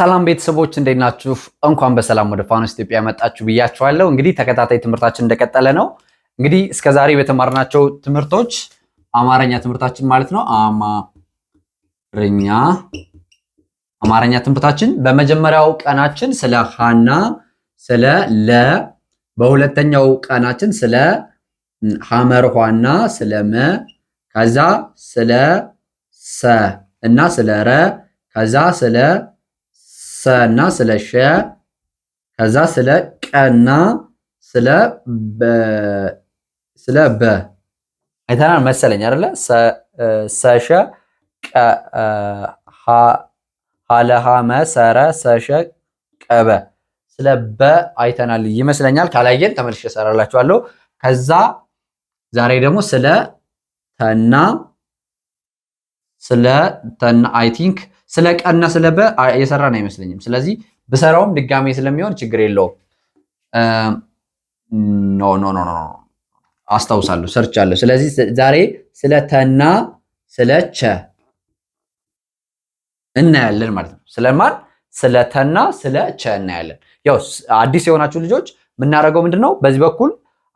ሰላም ቤተሰቦች እንዴት ናችሁ? እንኳን በሰላም ወደ ፋኖስ ኢትዮጵያ መጣችሁ ብያችኋለሁ። እንግዲህ ተከታታይ ትምህርታችን እንደቀጠለ ነው። እንግዲህ እስከ ዛሬ በተማርናቸው ትምህርቶች አማርኛ ትምህርታችን ማለት ነው አማርኛ አማርኛ ትምህርታችን በመጀመሪያው ቀናችን ስለ ሀና ስለ ለ፣ በሁለተኛው ቀናችን ስለ ሐመርኋና ስለ መ፣ ከዛ ስለ ሰ እና ስለ ረ፣ ከዛ ስለ ሰና ስለ ሸ ከዛ ስለ ቀና ስለ ስለ በ አይተናል መሰለኝ አይደለ? ሰሸ ቀ ሀለሃ መሰረ ሰሸ ቀበ ስለ በ አይተናል ይመስለኛል። ካላየን ተመልሼ እሰራላችኋለሁ። ከዛ ዛሬ ደግሞ ስለ ተና ስለ ተና አይ ቲንክ ስለ ቀና ስለ በ የሰራን አይመስለኝም። ስለዚህ ብሰራውም ድጋሜ ስለሚሆን ችግር የለውም። ኖ ኖ ኖ ኖ አስታውሳለሁ፣ ሰርቻለሁ። ስለዚህ ዛሬ ስለ ተና ስለ ቸ እናያለን ማለት ነው። ስለማን ስለ ተና ስለ ቸ እናያለን። ያው አዲስ የሆናችሁ ልጆች የምናደርገው ምንድን ነው? በዚህ በኩል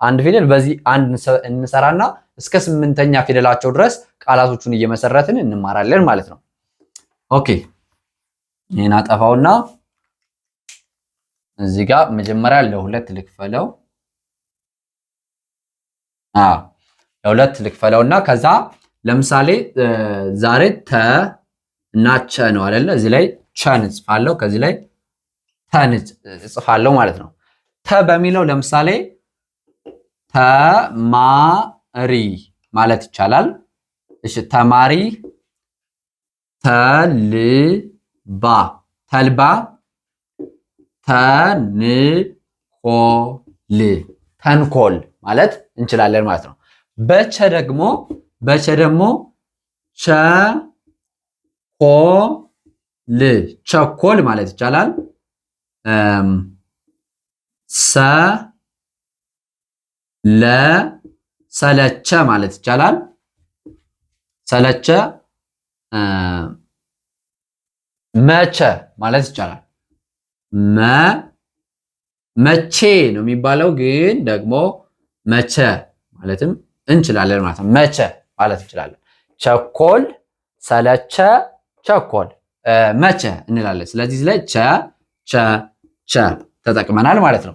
አንድ ፊደል በዚህ አንድ እንሰራና እስከ ስምንተኛ ፊደላቸው ድረስ ቃላቶቹን እየመሰረትን እንማራለን ማለት ነው። ኦኬ ይህን አጠፋውና እዚህ ጋር መጀመሪያ ለሁለት ልክፈለው። አዎ ለሁለት ልክፈለውና ከዛ ለምሳሌ ዛሬ ተ እና ቸ ነው አይደለ? እዚህ ላይ ቸን እጽፋለሁ፣ ከዚህ ላይ ተን እጽፋለሁ ማለት ነው። ተ በሚለው ለምሳሌ ተማሪ ማለት ይቻላል። እሺ ተማሪ ተልባ ተልባ ተንኮል ተንኮል ማለት እንችላለን ማለት ነው። በቸ ደግሞ በቸ ደግሞ ቸኮል ቸኮል ማለት ይቻላል። ሰለ ሰለቸ ማለት ይቻላል። ሰለቸ መቼ ማለት ይቻላል። መቼ ነው የሚባለው፣ ግን ደግሞ መቼ ማለትም እንችላለን ማለት ነው። መቼ ማለት እንችላለን። ቸኮል፣ ሰለቸ፣ ቸኮል፣ መቼ እንላለን። ስለዚህ ስለ ቸ ቸ ቸ ተጠቅመናል ማለት ነው።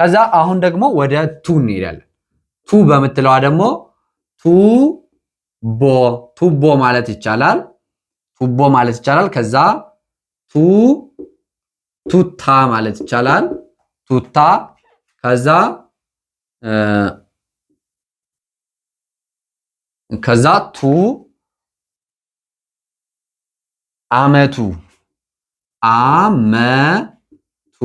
ከዛ አሁን ደግሞ ወደ ቱ እንሄዳለን። ቱ በምትለዋ ደግሞ ቱቦ ቱቦ ማለት ይቻላል። ቱቦ ማለት ይቻላል። ከዛ ቱ ቱታ ማለት ይቻላል። ቱታ ከዛ ከዛ ቱ አመቱ አመቱ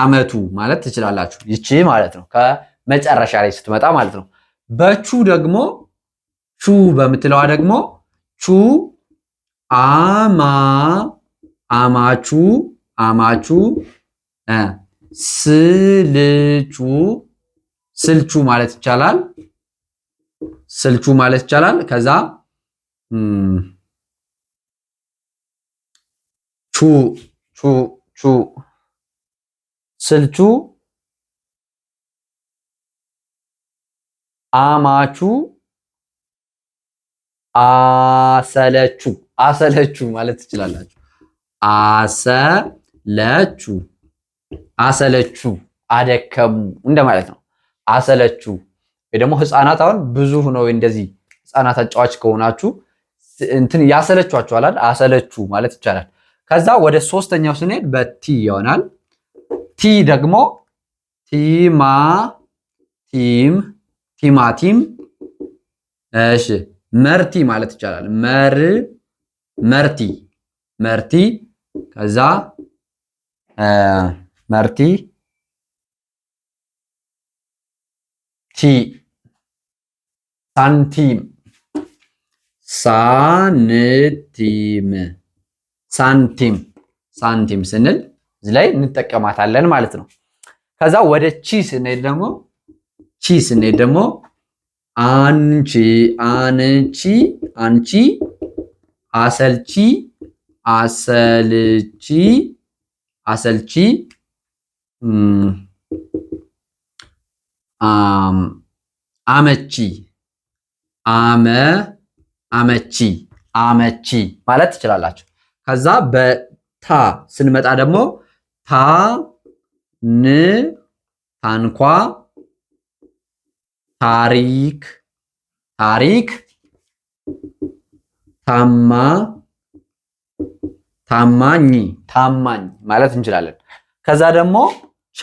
አመቱ ማለት ትችላላችሁ። ይቺ ማለት ነው ከመጨረሻ ላይ ስትመጣ ማለት ነው። በቹ ደግሞ ቹ በምትለዋ ደግሞ ቹ አማ አማቹ አማቹ ስልቹ ስልቹ ማለት ይቻላል። ስልቹ ማለት ይቻላል። ከዛ ቹ ቹ ቹ ስልቹ አማቹ አሰለቹ አሰለቹ ማለት ትችላላችሁ። አሰለቹ አሰለቹ አደከሙ እንደማለት ነው። አሰለቹ ወይ ደግሞ ህፃናት አሁን ብዙ ሆነው እንደዚህ ህፃናት አጫዋች ከሆናችሁ እንትን ያሰለቿችኋል አሰለቹ ማለት ይቻላል። ከዛ ወደ ሶስተኛው ስንሄድ በቲ ይሆናል። ቲ ደግሞ ቲማ ቲም ቲማቲም። እሺ መርቲ ማለት ይቻላል። መር መርቲ መርቲ ከዛ መርቲ ቲ ሳንቲም ሳንቲም ሳንቲም ሳንቲም ስንል እዚህ ላይ እንጠቀማታለን ማለት ነው። ከዛ ወደ ቺ ስንሄድ ደግሞ ቺ ስንሄድ ደግሞ አንቺ አንቺ አንቺ አሰልቺ አሰልቺ አሰልቺ አመቺ አመ አመቺ አመቺ ማለት ትችላላችሁ። ከዛ በታ ስንመጣ ደግሞ ታ ን ታንኳ ታሪክ ታሪክ ታማ ታማኝ ታማኝ ማለት እንችላለን። ከዛ ደግሞ ቻ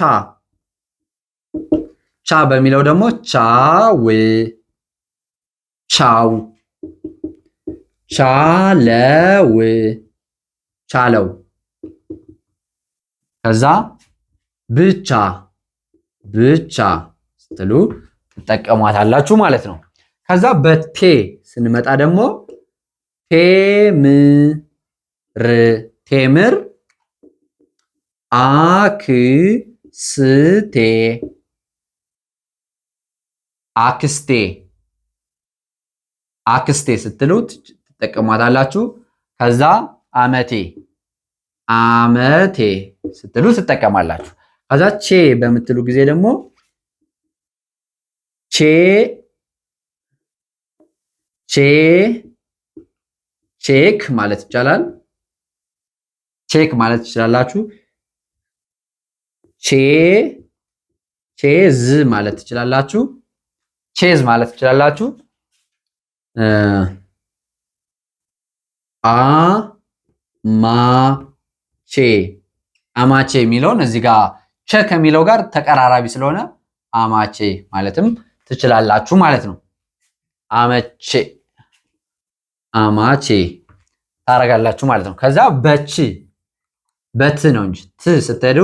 ቻ በሚለው ደግሞ ቻው ቻው ቻለው ቻለው ከዛ ብቻ ብቻ ስትሉ ትጠቀሟታላችሁ ማለት ነው። ከዛ በቴ ስንመጣ ደግሞ ቴም ር ቴምር አክስቴ አክስቴ አክስቴ ስትሉት ትጠቀሟታላችሁ። ከዛ አመቴ አመቴ ስትሉ ትጠቀማላችሁ። ከዛ ቼ በምትሉ ጊዜ ደግሞ ቼ ቼክ ማለት ይቻላል። ቼክ ማለት ትችላላችሁ። ቼ ቼዝ ማለት ትችላላችሁ። ቼዝ ማለት ትችላላችሁ። አ ማ ቼ አማቼ የሚለውን እዚህ ጋር ቼ ከሚለው ጋር ተቀራራቢ ስለሆነ አማቼ ማለትም ትችላላችሁ ማለት ነው። አመቼ አማቼ ታረጋላችሁ ማለት ነው። ከዛ በቺ በት ነው እንጂ ት ስትሄዱ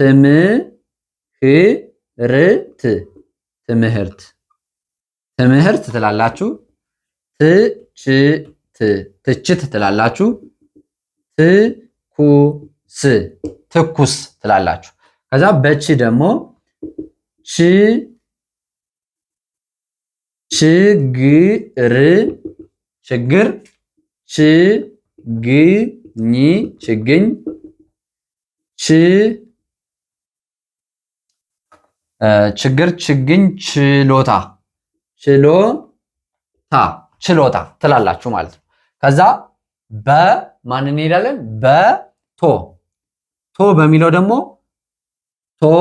ትምህርት ትምህርት ትምህርት ትላላችሁ። ትችት ትችት ትላላችሁ። ትኩስ ትኩስ ትላላችሁ። ከዛ በቺ ደግሞ ች ችግር ችግር ችግኝ ችግኝ ች ችግር ችግኝ ችሎታ ችሎታ ችሎታ ትላላችሁ ማለት ነው። ከዛ ማንን እንሄዳለን? በቶ ቶ በሚለው ደግሞ ቶ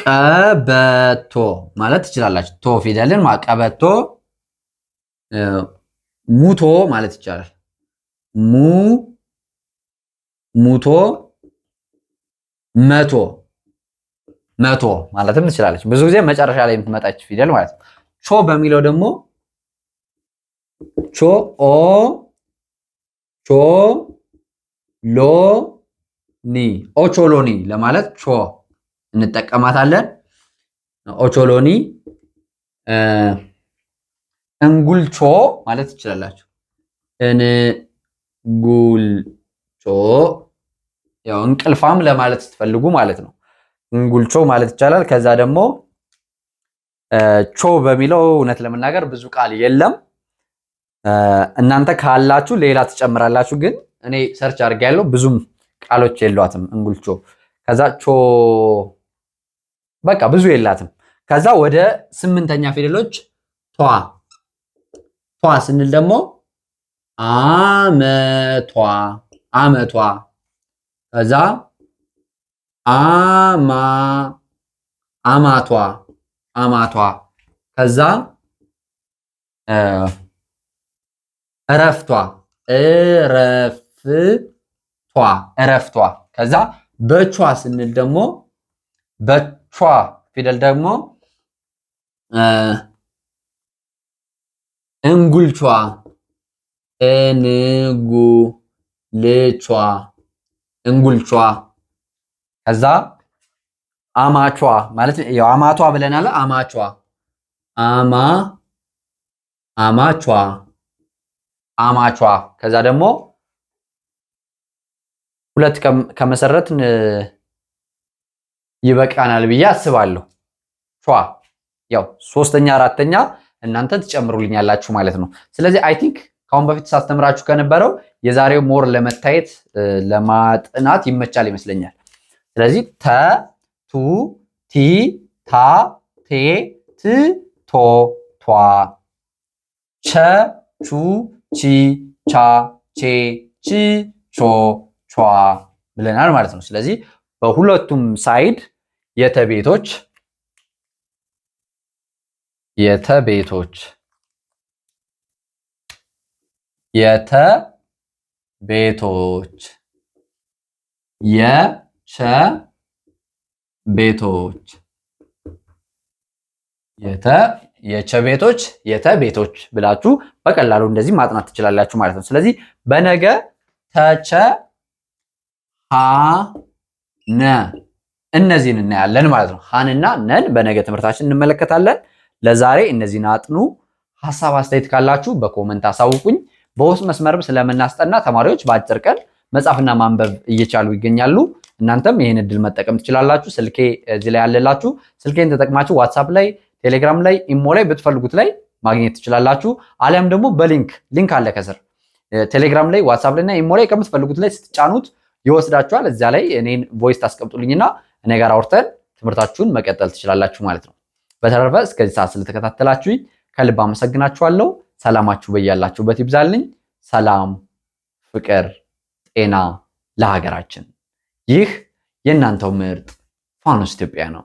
ቀበቶ ማለት ትችላላችሁ። ቶ ፊደልን ቀበቶ ሙቶ ማለት ይቻላል። ሙቶ መቶ መቶ ማለትም ትችላለች። ብዙ ጊዜ መጨረሻ ላይ የምትመጣች ፊደል ማለት ነው። ቾ በሚለው ደግሞ ቾ ኦ ቾ ሎ ኒ ኦቾሎኒ ለማለት ቾ እንጠቀማታለን። ኦቾሎኒ እንጉልቾ ማለት ትችላላችሁ። እንጉል ያው እንቅልፋም ለማለት ስትፈልጉ ማለት ነው። እንጉልቾ ማለት ይቻላል። ከዛ ደግሞ ቾ በሚለው እውነት ለመናገር ብዙ ቃል የለም። እናንተ ካላችሁ ሌላ ትጨምራላችሁ፣ ግን እኔ ሰርች አድርጌ ያለው ብዙም ቃሎች የሏትም እንጉልቾ። ከዛ ቾ በቃ ብዙ የላትም። ከዛ ወደ ስምንተኛ ፊደሎች ቷ ቷ ስንል ደግሞ አመቷ አመቷ ከዛ አማ አማቷ አማቷ ከዛ እረፍቷ እረፍቷ እረፍቷ ከዛ በቿ ስንል ደግሞ በቿ ፊደል ደግሞ እንጉልቿ እንጉ ልቿ እንጉልቿ ከዛ አማቿ ማለት ያው አማቷ ብለናል። አማቿ አማ አማቿ አማቿ ከዛ ደግሞ ሁለት ከመሰረት ይበቃናል ብዬ አስባለሁ። ቿ ያው ሶስተኛ አራተኛ እናንተ ትጨምሩልኛላችሁ ማለት ነው። ስለዚህ አይ ቲንክ ከአሁን በፊት ሳስተምራችሁ ከነበረው የዛሬው ሞር ለመታየት ለማጥናት ይመቻል ይመስለኛል። ስለዚህ ተ፣ ቱ፣ ቲ፣ ታ፣ ቴ፣ ት፣ ቶ፣ ቷ፣ ቸ፣ ቹ፣ ቺ፣ ቻ፣ ቼ፣ ቺ፣ ቾ፣ ቿ ብለናል ማለት ነው። ስለዚህ በሁለቱም ሳይድ የተቤቶች የተቤቶች የተ ቤቶች የቸ ቤቶች የተ የቸ ቤቶች የተ ቤቶች ብላችሁ በቀላሉ እንደዚህ ማጥናት ትችላላችሁ ማለት ነው። ስለዚህ በነገ ተቸ ሀ ነ እነዚህን እናያለን ማለት ነው። ሀንና ነን በነገ ትምህርታችን እንመለከታለን። ለዛሬ እነዚህን አጥኑ። ሀሳብ አስተያየት ካላችሁ በኮመንት አሳውቁኝ። በውስጥ መስመርም ስለምናስጠና ተማሪዎች በአጭር ቀን መጻፍና ማንበብ እየቻሉ ይገኛሉ። እናንተም ይህን እድል መጠቀም ትችላላችሁ። ስልኬ እዚህ ላይ ያለላችሁ፣ ስልኬን ተጠቅማችሁ ዋትሳፕ ላይ፣ ቴሌግራም ላይ፣ ኢሞ ላይ ብትፈልጉት ላይ ማግኘት ትችላላችሁ። አሊያም ደግሞ በሊንክ ሊንክ አለ ከስር ቴሌግራም ላይ፣ ዋትሳፕ ላይ እና ኢሞ ላይ ከምትፈልጉት ላይ ስትጫኑት ይወስዳችኋል። እዚያ ላይ እኔን ቮይስ ታስቀምጡልኝና እኔ ጋር አውርተን ትምህርታችሁን መቀጠል ትችላላችሁ ማለት ነው። በተረፈ እስከዚህ ሰዓት ስለተከታተላችሁ ከልብ አመሰግናችኋለሁ። ሰላማችሁ በያላችሁበት ይብዛልኝ። ሰላም፣ ፍቅር፣ ጤና ለሀገራችን። ይህ የእናንተው ምርጥ ፋኖስ ኢትዮጵያ ነው።